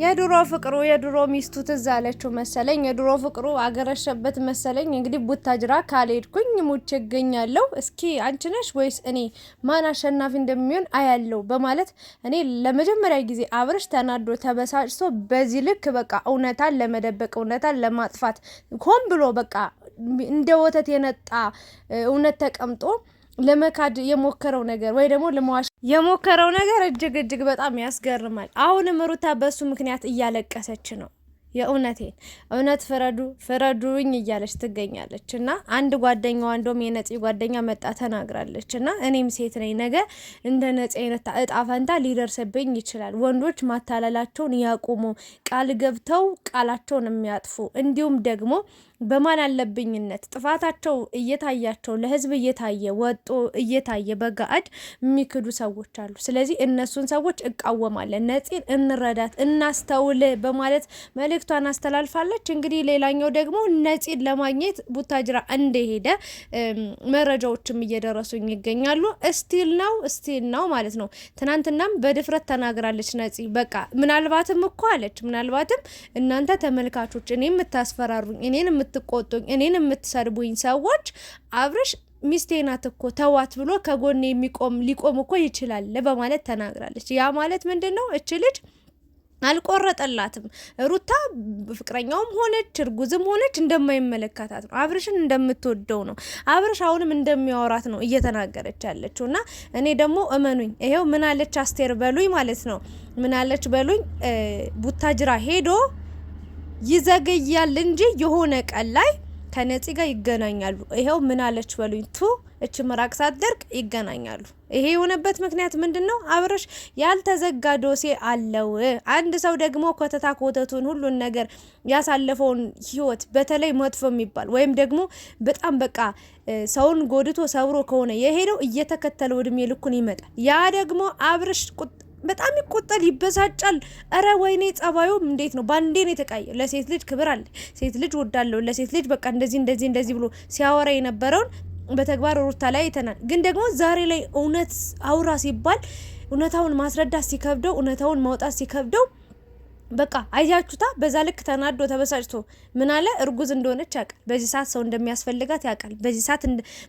የድሮ ፍቅሩ የድሮ ሚስቱ ትዝ አለችው መሰለኝ። የድሮ ፍቅሩ አገረሸበት መሰለኝ። እንግዲህ ቡታጅራ ካልሄድኩኝ ሙቼ እገኛለሁ። እስኪ አንቺ ነሽ ወይስ እኔ ማን አሸናፊ እንደሚሆን አያለው በማለት እኔ ለመጀመሪያ ጊዜ አብርሽ ተናዶ ተበሳጭቶ በዚህ ልክ በቃ እውነታን ለመደበቅ እውነታን ለማጥፋት ሆን ብሎ በቃ እንደ ወተት የነጣ እውነት ተቀምጦ ለመካድ የሞከረው ነገር ወይ ደግሞ ለመዋሽ የሞከረው ነገር እጅግ እጅግ በጣም ያስገርማል። አሁንም ሩታ በእሱ ምክንያት እያለቀሰች ነው። የእውነቴን እውነት ፍረዱ ፍረዱኝ እያለች ትገኛለች። እና አንድ ጓደኛ እንደውም የነፂ ጓደኛ መጣ ተናግራለች። እና እኔም ሴት ነኝ፣ ነገ እንደ ነፂ አይነት እጣ ፈንታ ሊደርስብኝ ይችላል። ወንዶች ማታለላቸውን ያቁሙ፣ ቃል ገብተው ቃላቸውን የሚያጥፉ እንዲሁም ደግሞ በማን አለብኝነት ጥፋታቸው እየታያቸው ለህዝብ እየታየ ወጦ እየታየ በጋአድ የሚክዱ ሰዎች አሉ። ስለዚህ እነሱን ሰዎች እቃወማለን። ነፂን እንረዳት፣ እናስተውል በማለት መልእክቷን አስተላልፋለች። እንግዲህ ሌላኛው ደግሞ ነፂን ለማግኘት ቡታጅራ እንደሄደ መረጃዎችም እየደረሱኝ ይገኛሉ። እስቲል ነው እስቲል ነው ማለት ነው። ትናንትናም በድፍረት ተናግራለች ነፂ በቃ ምናልባትም እኮ አለች ምናልባትም እናንተ ተመልካቾች እኔ የምታስፈራሩኝ እኔን የምትቆጡኝ እኔን የምትሰርቡኝ ሰዎች አብርሽ ሚስቴ ናት እኮ ተዋት ብሎ ከጎን የሚቆም ሊቆም እኮ ይችላል በማለት ተናግራለች። ያ ማለት ምንድን ነው? እች ልጅ አልቆረጠላትም። ሩታ ፍቅረኛውም ሆነች እርጉዝም ሆነች እንደማይመለከታት ነው። አብርሽን እንደምትወደው ነው። አብርሽ አሁንም እንደሚያወራት ነው እየተናገረች ያለችው እና እኔ ደግሞ እመኑኝ፣ ይሄው ምናለች አስቴር በሉኝ ማለት ነው ምናለች በሉኝ ቡታጅራ ሄዶ ይዘገያል እንጂ የሆነ ቀን ላይ ከነፂ ጋር ይገናኛሉ። ይሄው ምን አለች በሉኝ ቱ እች ምራቅ ሳትደርቅ ይገናኛሉ። ይሄ የሆነበት ምክንያት ምንድን ነው? አብረሽ ያልተዘጋ ዶሴ አለው። አንድ ሰው ደግሞ ኮተታ ኮተቱን ሁሉን ነገር ያሳለፈውን ህይወት በተለይ መጥፎ የሚባል ወይም ደግሞ በጣም በቃ ሰውን ጎድቶ ሰብሮ ከሆነ የሄደው እየተከተለው እድሜ ልኩን ይመጣል። ያ ደግሞ አብረሽ በጣም ይቆጣል፣ ይበሳጫል። እረ ወይኔ ጸባዩም እንዴት ነው! ባንዴ ነው የተቃየ። ለሴት ልጅ ክብር አለ። ሴት ልጅ ወዳለው ለሴት ልጅ በቃ እንደዚህ እንደዚህ እንደዚህ ብሎ ሲያወራ የነበረውን በተግባር ሩታ ላይ አይተናል። ግን ደግሞ ዛሬ ላይ እውነት አውራ ሲባል እውነታውን ማስረዳት ሲከብደው፣ እውነታውን ማውጣት ሲከብደው በቃ አያችሁታ። በዛ ልክ ተናዶ ተበሳጭቶ ምን አለ? እርጉዝ እንደሆነች ያውቃል። በዚህ ሰዓት ሰው እንደሚያስፈልጋት ያውቃል። በዚህ ሰዓት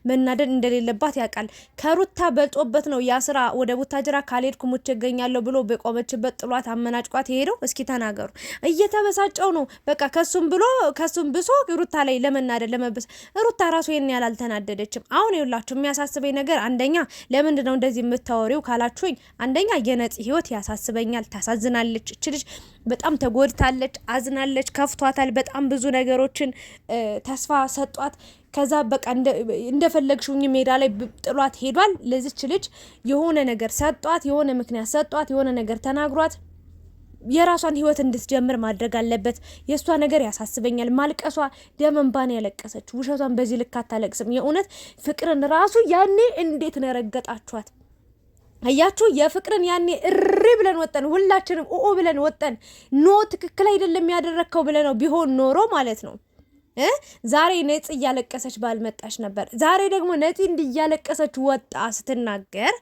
መናደድ እንደሌለባት ያውቃል። ከሩታ በልጦበት ነው ያ ስራ ወደ ቡታጅራ ካልሄድኩ ሙቼ እገኛለሁ ብሎ በቆመችበት ጥሏት አመናጭቋት የሄደው። እስኪ ተናገሩ። እየተበሳጨው ነው በቃ ከሱም ብሎ ከሱም ብሶ ሩታ ላይ ለመናደድ ለመበስ ሩታ ራሱ ይሄን ያህል አልተናደደችም። አሁን ይውላችሁ የሚያሳስበኝ ነገር አንደኛ ለምንድነው ነው እንደዚህ የምታወሪው ካላችሁኝ፣ አንደኛ የነጽ ህይወት ያሳስበኛል። ታሳዝናለች እችልሽ በጣም ተጎድታለች፣ አዝናለች፣ ከፍቷታል። በጣም ብዙ ነገሮችን ተስፋ ሰጧት። ከዛ በቃ እንደፈለግሽ ሁኚ ሜዳ ላይ ጥሏት ሄዷል። ለዚች ልጅ የሆነ ነገር ሰጧት፣ የሆነ ምክንያት ሰጧት፣ የሆነ ነገር ተናግሯት የራሷን ህይወት እንድትጀምር ማድረግ አለበት። የእሷ ነገር ያሳስበኛል። ማልቀሷ ደመንባን ያለቀሰች ውሸቷን በዚህ ልክ አታለቅስም። የእውነት ፍቅርን ራሱ ያኔ እንዴት ነረገጣችኋት? አያችሁ የፍቅርን ያኔ እሪ ብለን ወጠን፣ ሁላችንም ኦ ብለን ወጠን። ኖ ትክክል አይደለም ያደረግከው ብለ ነው ቢሆን ኖሮ ማለት ነው። ዛሬ ነፂ እያለቀሰች ባልመጣች ነበር። ዛሬ ደግሞ ነፂ እንዲያለቀሰች ወጣ ስትናገር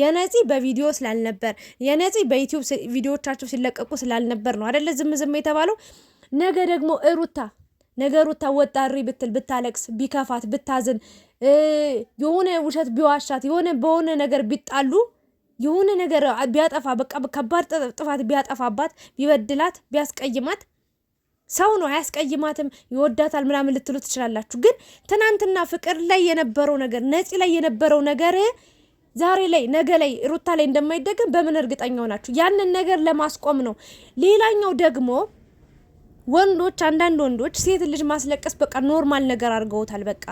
የነፂ በቪዲዮ ስላልነበር የነፂ በዩቲዩብ ቪዲዮዎቻቸው ሲለቀቁ ስላልነበር ነው አደለ ዝም ዝም የተባለው። ነገ ደግሞ እሩታ ነገ ሩታ ወጣ እሪ ብትል ብታለቅስ ቢከፋት ብታዝን የሆነ ውሸት ቢዋሻት የሆነ በሆነ ነገር ቢጣሉ የሆነ ነገር ቢያጠፋ በቃ ከባድ ጥፋት ቢያጠፋባት ቢበድላት ቢያስቀይማት ሰው ነው አያስቀይማትም፣ ይወዳታል ምናምን ልትሉ ትችላላችሁ። ግን ትናንትና ፍቅር ላይ የነበረው ነገር ነፂ ላይ የነበረው ነገር ዛሬ ላይ ነገ ላይ ሩታ ላይ እንደማይደገም በምን እርግጠኛ ሆናችሁ? ያንን ነገር ለማስቆም ነው። ሌላኛው ደግሞ ወንዶች አንዳንድ ወንዶች ሴት ልጅ ማስለቀስ በቃ ኖርማል ነገር አድርገውታል። በቃ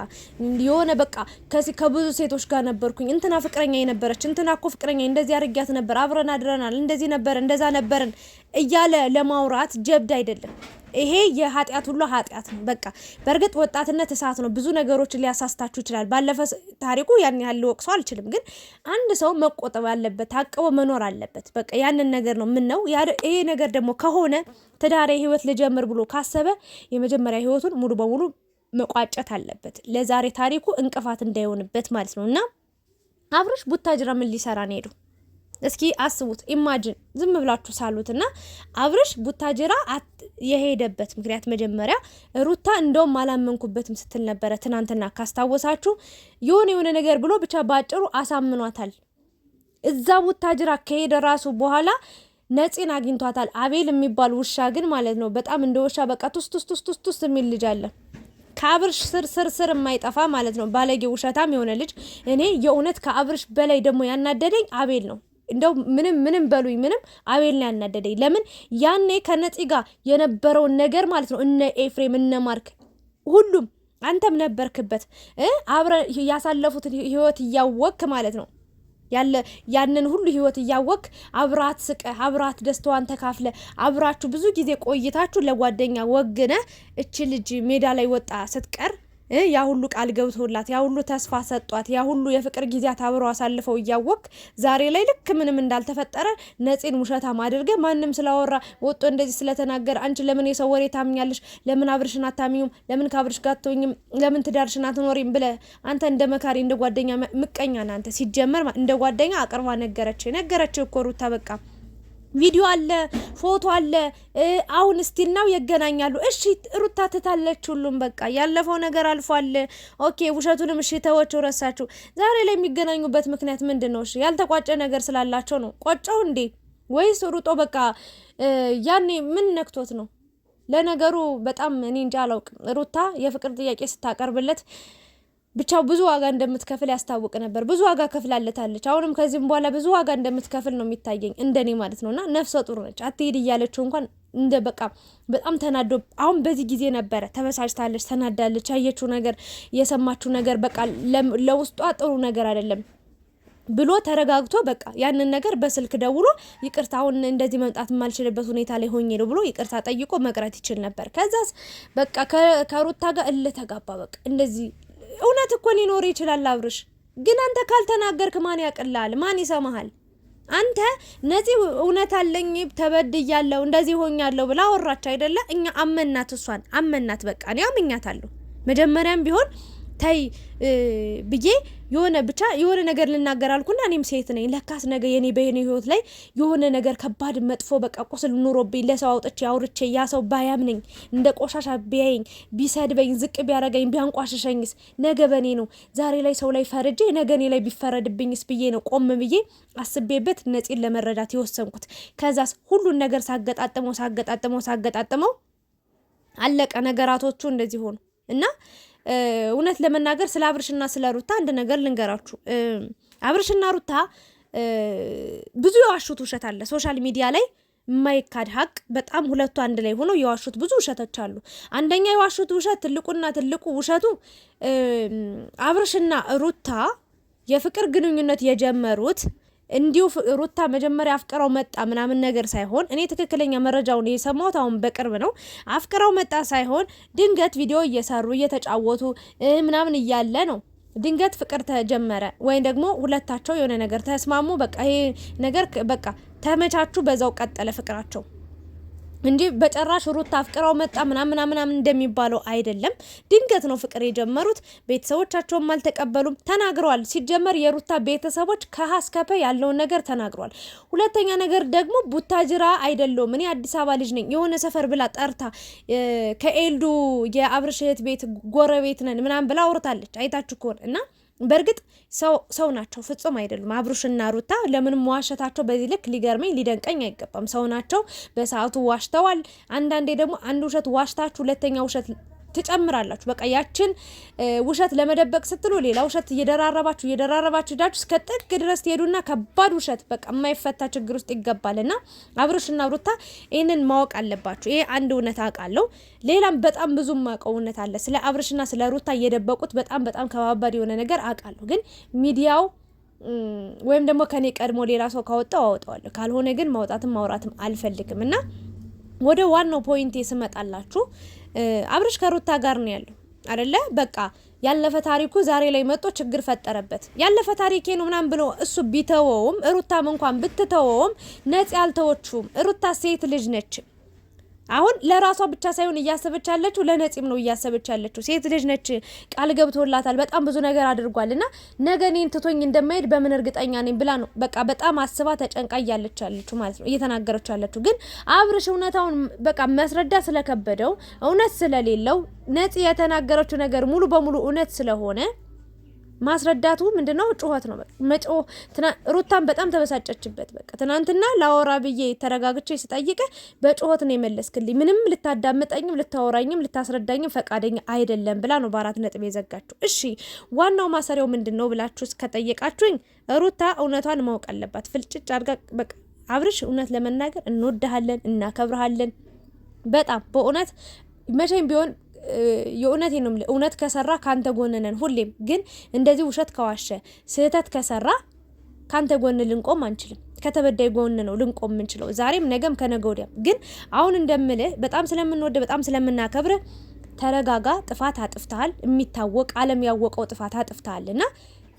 የሆነ በቃ ከዚ ከብዙ ሴቶች ጋር ነበርኩኝ እንትና ፍቅረኛ የነበረች እንትና ኮ ፍቅረኛ እንደዚህ አርጊያት ነበር፣ አብረን አድረናል፣ እንደዚህ ነበር፣ እንደዛ ነበርን እያለ ለማውራት ጀብድ አይደለም። ይሄ የኃጢአት ሁሉ ኃጢአት ነው። በቃ በእርግጥ ወጣትነት እሳት ነው። ብዙ ነገሮችን ሊያሳስታችሁ ይችላል። ባለፈ ታሪኩ ያን ያህል ሊወቅሰ አልችልም። ግን አንድ ሰው መቆጠብ አለበት፣ ታቅቦ መኖር አለበት። በቃ ያንን ነገር ነው። ምን ነው ይሄ ነገር ደግሞ ከሆነ ትዳሬ ህይወት ልጀምር ብሎ ካሰበ የመጀመሪያ ህይወቱን ሙሉ በሙሉ መቋጨት አለበት። ለዛሬ ታሪኩ እንቅፋት እንዳይሆንበት ማለት ነው እና አብርሽ ቡታጅራ ምን ሊሰራ ነው ሄደው? እስኪ አስቡት፣ ኢማጅን ዝም ብላችሁ ሳሉት እና አብርሽ ቡታጀራ የሄደበት ምክንያት መጀመሪያ ሩታ እንደውም አላመንኩበትም ስትል ነበረ ትናንትና፣ ካስታወሳችሁ የሆነ የሆነ ነገር ብሎ ብቻ ባጭሩ አሳምኗታል። እዛ ቡታጀራ ከሄደ ራሱ በኋላ ነፂን አግኝቷታል። አቤል የሚባል ውሻ ግን ማለት ነው በጣም እንደ ውሻ በቃ ቱስ ቱስ ቱስ ቱስ ቱስ የሚል ልጅ አለ ከአብርሽ ስር ስር ስር የማይጠፋ ማለት ነው ባለጌ ውሸታም የሆነ ልጅ። እኔ የእውነት ከአብርሽ በላይ ደግሞ ያናደደኝ አቤል ነው። እንደው ምንም ምንም በሉኝ ምንም አቤል ነው ያናደደኝ። ለምን ያኔ ከነፂ ጋር የነበረውን ነገር ማለት ነው እነ ኤፍሬም እነ ማርክ ሁሉም አንተም ነበርክበት አብረ ያሳለፉትን ህይወት እያወክ ማለት ነው ያለ ያንን ሁሉ ህይወት እያወክ አብራት ስቀ አብራት ደስታዋን ተካፍለ አብራችሁ ብዙ ጊዜ ቆይታችሁ ለጓደኛ ወግነ እች ልጅ ሜዳ ላይ ወጣ ስትቀር ያ ሁሉ ቃል ገብቶላት ያ ሁሉ ተስፋ ሰጧት ያ ሁሉ የፍቅር ጊዜያት አብረው አሳልፈው እያወቅ ዛሬ ላይ ልክ ምንም እንዳልተፈጠረ ነፂን ውሸታም አድርገ ማንም ስላወራ ወጦ እንደዚህ ስለተናገረ አንቺ ለምን የሰው ወሬ ታምኛለሽ? ለምን አብርሽን አታምኙም? ለምን ከአብርሽ ጋር አትሆኝም? ለምን ትዳርሽን አትኖሪም? ብለ አንተ እንደ መካሪ እንደ ጓደኛ ምቀኛ ናንተ። ሲጀመር እንደ ጓደኛ አቅርባ ነገረች ነገረች እኮ ሩታ በቃ ቪዲዮ አለ፣ ፎቶ አለ። አሁን ስቲል ይገናኛሉ። እሺ ሩታ ትታለች። ሁሉም በቃ ያለፈው ነገር አልፏል። ኦኬ ውሸቱንም እሺ ተወችው፣ ረሳችሁ። ዛሬ ላይ የሚገናኙበት ምክንያት ምንድን ነው? እሺ ያልተቋጨ ነገር ስላላቸው ነው። ቆጨው እንዴ ወይስ ሩጦ በቃ ያኔ ምን ነክቶት ነው? ለነገሩ በጣም እኔ እንጃ አላውቅም። ሩታ የፍቅር ጥያቄ ስታቀርብለት ብቻ ብዙ ዋጋ እንደምትከፍል ያስታውቅ ነበር። ብዙ ዋጋ ከፍላለታለች። አሁንም ከዚህም በኋላ ብዙ ዋጋ እንደምትከፍል ነው የሚታየኝ እንደኔ ማለት ነውና ነፍሰ ጡር ነች። አትሄድ እያለችው እንኳን እንደ በቃ በጣም ተናዶ አሁን በዚህ ጊዜ ነበረ ተበሳጭታለች፣ ተናዳለች። ያየችው ነገር የሰማችው ነገር በቃ ለውስጧ ጥሩ ነገር አይደለም ብሎ ተረጋግቶ በቃ ያንን ነገር በስልክ ደውሎ ይቅርታ አሁን እንደዚህ መምጣት የማልችልበት ሁኔታ ላይ ሆኜ ነው ብሎ ይቅርታ ጠይቆ መቅረት ይችል ነበር። ከዛስ በቃ ከሩታ ጋር እልህ ተጋባ። በቃ እንደዚህ እውነት እኮ ሊኖር ይችላል አብርሽ፣ ግን አንተ ካልተናገርክ ማን ያቅልሃል? ማን ይሰማሃል? አንተ ነፂ እውነት አለኝ ተበድያለሁ፣ እንደዚህ ሆኛለሁ ብላ አወራች አይደለ? እኛ አመናት፣ እሷን አመናት። በቃ እኔ አምኛታለሁ መጀመሪያም ቢሆን ተይ ብዬ የሆነ ብቻ የሆነ ነገር ልናገር አልኩና እኔም ሴት ነኝ ለካስ ነገ የኔ በኔ ህይወት ላይ የሆነ ነገር ከባድ መጥፎ በቃ ቁስል ኑሮብኝ ለሰው አውጥቼ አውርቼ ያ ሰው ባያምነኝ እንደ ቆሻሻ ቢያየኝ ቢሰድበኝ ዝቅ ቢያረገኝ ቢያንቋሸሸኝስ ነገ በኔ ነው። ዛሬ ላይ ሰው ላይ ፈርጄ ነገ እኔ ላይ ቢፈረድብኝስ ብዬ ነው ቆም ብዬ አስቤበት ነፂን ለመረዳት የወሰንኩት። ከዛስ ሁሉን ነገር ሳገጣጥመው ሳገጣጥመው ሳገጣጥመው አለቀ ነገራቶቹ እንደዚህ ሆኑ እና እውነት ለመናገር ስለ አብርሽና ስለ ሩታ አንድ ነገር ልንገራችሁ። አብርሽና ሩታ ብዙ የዋሹት ውሸት አለ ሶሻል ሚዲያ ላይ የማይካድ ሀቅ። በጣም ሁለቱ አንድ ላይ ሆነው የዋሹት ብዙ ውሸቶች አሉ። አንደኛ የዋሹት ውሸት ትልቁና ትልቁ ውሸቱ አብርሽና ሩታ የፍቅር ግንኙነት የጀመሩት እንዲሁ ሩታ መጀመሪያ አፍቅረው መጣ ምናምን ነገር ሳይሆን እኔ ትክክለኛ መረጃውን የሰማሁት አሁን በቅርብ ነው። አፍቅረው መጣ ሳይሆን ድንገት ቪዲዮ እየሰሩ እየተጫወቱ ምናምን እያለ ነው ድንገት ፍቅር ተጀመረ ወይም ደግሞ ሁለታቸው የሆነ ነገር ተስማሙ። በቃ ይሄ ነገር በቃ ተመቻቹ፣ በዛው ቀጠለ ፍቅራቸው። እንጂ በጨራሽ ሩት አፍቅራው መጣ ምናምን ምናምን እንደሚባለው አይደለም። ድንገት ነው ፍቅር የጀመሩት። ቤተሰቦቻቸውም አልተቀበሉም ተናግረዋል። ሲጀመር የሩታ ቤተሰቦች ከሀ እስከ ፐ ያለውን ነገር ተናግረዋል። ሁለተኛ ነገር ደግሞ ቡታጅራ አይደለውም እኔ አዲስ አበባ ልጅ ነኝ የሆነ ሰፈር ብላ ጠርታ ከኤልዱ የአብርሽ እህት ቤት ጎረቤት ነን ምናምን ብላ አውርታለች። አይታችሁ ከሆነ እና በእርግጥ ሰው ናቸው፣ ፍጹም አይደሉም። አብሩሽና ሩታ ለምን መዋሸታቸው በዚህ ልክ ሊገርመኝ ሊደንቀኝ አይገባም። ሰው ናቸው፣ በሰዓቱ ዋሽተዋል። አንዳንዴ ደግሞ አንድ ውሸት ዋሽታችሁ ሁለተኛ ውሸት ትጨምራላችሁ። በቃ ያችን ውሸት ለመደበቅ ስትሉ ሌላ ውሸት እየደራረባችሁ እየደራረባችሁ ሄዳችሁ እስከ ጥግ ድረስ ትሄዱና ከባድ ውሸት በቃ የማይፈታ ችግር ውስጥ ይገባልና አብርሽና ሩታ ይህንን ማወቅ አለባችሁ። ይሄ አንድ እውነት አውቃለሁ። ሌላም በጣም ብዙ ማውቀው እውነት አለ ስለ አብርሽና ስለ ሩታ እየደበቁት በጣም በጣም ከባባድ የሆነ ነገር አውቃለሁ። ግን ሚዲያው ወይም ደግሞ ከኔ ቀድሞ ሌላ ሰው ካወጣው አወጣዋለሁ። ካልሆነ ግን ማውጣትም ማውራትም አልፈልግም እና ወደ ዋናው ፖይንቴ ስመጣላችሁ አብርሽ ከሩታ ጋር ነው ያለው አይደለ? በቃ ያለፈ ታሪኩ ዛሬ ላይ መጦ ችግር ፈጠረበት። ያለፈ ታሪኬ ነው ምናምን ብሎ እሱ ቢተወውም ሩታም እንኳን ብትተወውም ነጽ አልተወችውም። ሩታ ሴት ልጅ ነች። አሁን ለራሷ ብቻ ሳይሆን እያሰበች ያለችው ለነፂም ነው እያሰበች ያለችው። ሴት ልጅ ነች፣ ቃል ገብቶላታል። በጣም ብዙ ነገር አድርጓል እና ነገ እኔን ትቶኝ እንደማይሄድ በምን እርግጠኛ ነኝ ብላ ነው በቃ በጣም አስባ ተጨንቃ እያለች ያለችው ማለት ነው እየተናገረች ያለችው። ግን አብርሽ እውነታውን በቃ መስረዳ ስለከበደው እውነት ስለሌለው ነፂ የተናገረችው ነገር ሙሉ በሙሉ እውነት ስለሆነ ማስረዳቱ ምንድነው? ጩኸት ነው መጮ። ሩታን በጣም ተበሳጨችበት። በቃ ትናንትና ላወራ ብዬ ተረጋግቼ ስጠይቀ በጩኸት ነው የመለስክልኝ። ምንም ልታዳምጠኝም ልታወራኝም ልታስረዳኝም ፈቃደኛ አይደለም ብላ ነው በአራት ነጥብ የዘጋችሁ። እሺ ዋናው ማሰሪያው ምንድን ነው ብላችሁ እስከጠየቃችሁኝ ሩታ እውነቷን ማወቅ አለባት። ፍልጭጭ አድርጋ በቃ አብርሽ፣ እውነት ለመናገር እንወድሃለን፣ እናከብረሃለን በጣም በእውነት መቼም ቢሆን የእውነት ነው። እውነት ከሰራ ካንተ ጎን ነን ሁሌም። ግን እንደዚህ ውሸት ከዋሸ ስህተት ከሰራ ካንተ ጎን ልንቆም አንችልም። ከተበዳይ ጎን ነው ልንቆም የምንችለው፣ ዛሬም፣ ነገም፣ ከነገ ወዲያም። ግን አሁን እንደምልህ በጣም ስለምንወደ በጣም ስለምናከብር ተረጋጋ። ጥፋት አጥፍተሃል፣ የሚታወቅ ዓለም ያወቀው ጥፋት አጥፍተሃል እና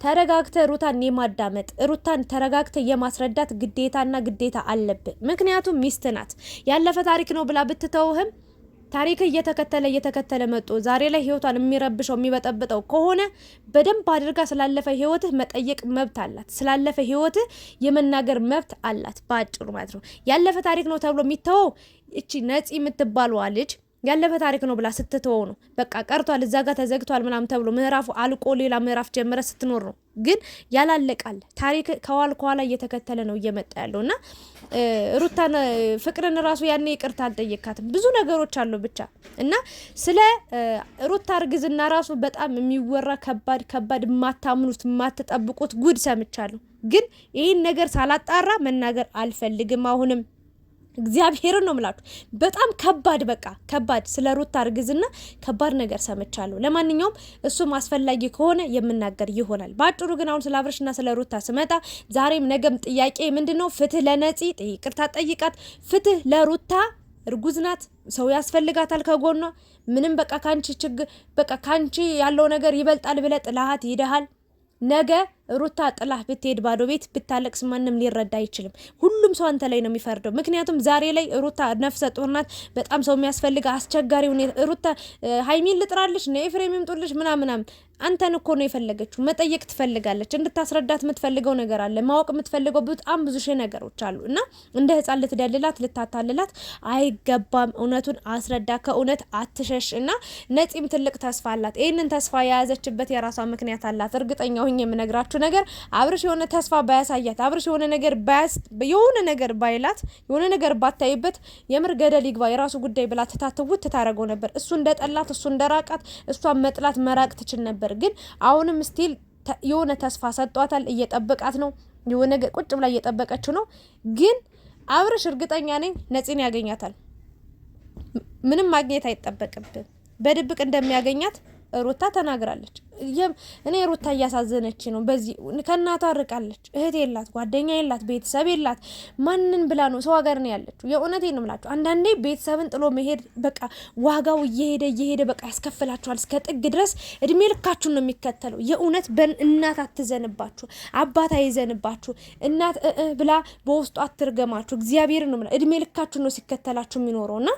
ተረጋግተ ሩታን የማዳመጥ ሩታን ተረጋግተ የማስረዳት ግዴታና ግዴታ አለብን። ምክንያቱም ሚስት ናት፣ ያለፈ ታሪክ ነው ብላ ብትተውህም ታሪክ እየተከተለ እየተከተለ መጦ ዛሬ ላይ ህይወቷን የሚረብሸው የሚበጠብጠው ከሆነ በደንብ አድርጋ ስላለፈ ህይወትህ መጠየቅ መብት አላት። ስላለፈ ህይወትህ የመናገር መብት አላት። በአጭሩ ማለት ነው። ያለፈ ታሪክ ነው ተብሎ የሚተወው እቺ ነፂ የምትባለዋ ልጅ ያለፈ ታሪክ ነው ብላ ስትተወው ነው በቃ ቀርቷል፣ እዛ ጋር ተዘግቷል ምናምን ተብሎ ምዕራፉ አልቆ ሌላ ምዕራፍ ጀምረ ስትኖር ነው። ግን ያላለቃል ታሪክ ከኋላ ከኋላ እየተከተለ ነው እየመጣ ያለው እና ሩታን ፍቅርን ራሱ ያኔ ይቅርታ አልጠየካትም። ብዙ ነገሮች አሉ ብቻ እና ስለ ሩታ እርግዝና ራሱ በጣም የሚወራ ከባድ ከባድ የማታምኑት የማትጠብቁት ጉድ ሰምቻለሁ። ግን ይህን ነገር ሳላጣራ መናገር አልፈልግም አሁንም እግዚአብሔርን ነው የምላችሁ። በጣም ከባድ በቃ ከባድ፣ ስለ ሩታ እርግዝና ከባድ ነገር ሰምቻለሁ። ለማንኛውም እሱም አስፈላጊ ከሆነ የምናገር ይሆናል። በአጭሩ ግን አሁን ስለ አብርሽና ስለ ሩታ ስመጣ ዛሬም ነገም ጥያቄ ምንድን ነው? ፍትህ ለነፂ ይቅርታ ጠይቃት፣ ፍትህ ለሩታ እርጉዝ ናት። ሰው ያስፈልጋታል ከጎኗ ምንም በቃ ካንቺ ችግር በቃ ካንቺ ያለው ነገር ይበልጣል ብለ ጥላሃት ይደሃል ነገ ሩታ ጥላህ ብትሄድ ባዶ ቤት ብታለቅስ ማንም ሊረዳ አይችልም። ሁሉም ሰው አንተ ላይ ነው የሚፈርደው። ምክንያቱም ዛሬ ላይ ሩታ ነፍሰ ጡር ናት። በጣም ሰው የሚያስፈልገ አስቸጋሪ ሁኔታ ሩታ ሀይሚን ልጥራልሽ፣ ኤፍሬም ይምጡልሽ ምናምናም አንተን እኮ ነው የፈለገችው። መጠየቅ ትፈልጋለች። እንድታስረዳት የምትፈልገው ነገር አለ። ማወቅ የምትፈልገው በጣም ብዙ ሺህ ነገሮች አሉ እና እንደ ህፃን ልትደልላት ልታታልላት አይገባም። እውነቱን አስረዳ። ከእውነት አትሸሽ። እና ነፂም ትልቅ ተስፋ አላት። ይህንን ተስፋ የያዘችበት የራሷ ምክንያት አላት። እርግጠኛ ሁኝ የምነግራችሁ ነገር አብርሽ የሆነ ተስፋ ባያሳያት፣ አብርሽ የሆነ ነገር የሆነ ነገር ባይላት፣ የሆነ ነገር ባታይበት የምር ገደል ይግባ የራሱ ጉዳይ ብላ ትታትውት ትታረገው ነበር። እሱ እንደጠላት፣ እሱ እንደራቃት፣ እሷን መጥላት መራቅ ትችል ነበር ነበር። ግን አሁንም ስቲል የሆነ ተስፋ ሰጧታል። እየጠበቃት ነው። የሆነ ቁጭ ብላ እየጠበቀችው ነው። ግን አብርሽ እርግጠኛ ነኝ ነፂን ያገኛታል። ምንም ማግኘት አይጠበቅብ በድብቅ እንደሚያገኛት ሩታ ተናግራለች። እኔ ሩታ እያሳዘነች ነው። በዚህ ከእናቷ ርቃለች። እህት የላት፣ ጓደኛ የላት፣ ቤተሰብ የላት። ማንን ብላ ነው? ሰው ሀገር ነው ያለችው። የእውነቴን ነው የምላችሁ። አንዳንዴ ቤተሰብን ጥሎ መሄድ በቃ ዋጋው እየሄደ እየሄደ በቃ ያስከፍላችኋል። እስከ ጥግ ድረስ እድሜ ልካችሁን ነው የሚከተለው። የእውነት እናት አትዘንባችሁ፣ አባት አይዘንባችሁ። እናት ብላ በውስጡ አትርገማችሁ። እግዚአብሔር ነው እድሜ ልካችሁን ነው ሲከተላችሁ የሚኖረው እና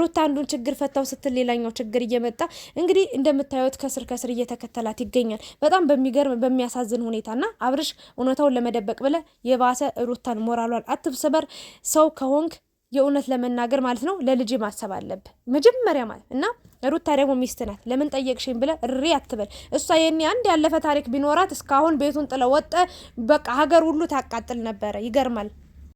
ሩታ አንዱን ችግር ፈታው ስትል ሌላኛው ችግር እየመጣ እንግዲህ እንደምታየ ህይወት ከስር ከስር እየተከተላት ይገኛል። በጣም በሚገርም በሚያሳዝን ሁኔታና አብርሽ እውነታውን ለመደበቅ ብለ የባሰ ሩታን ሞራሏን አትብሰበር ሰው ከሆንክ የእውነት ለመናገር ማለት ነው ለልጅ ማሰብ አለብህ መጀመሪያ ማለት እና ሩታ ደግሞ ሚስት ናት። ለምን ጠየቅሽኝ ብለ እሪ አትበል። እሷ የኔ አንድ ያለፈ ታሪክ ቢኖራት እስካሁን ቤቱን ጥለ ወጠ በቃ ሀገር ሁሉ ታቃጥል ነበረ። ይገርማል።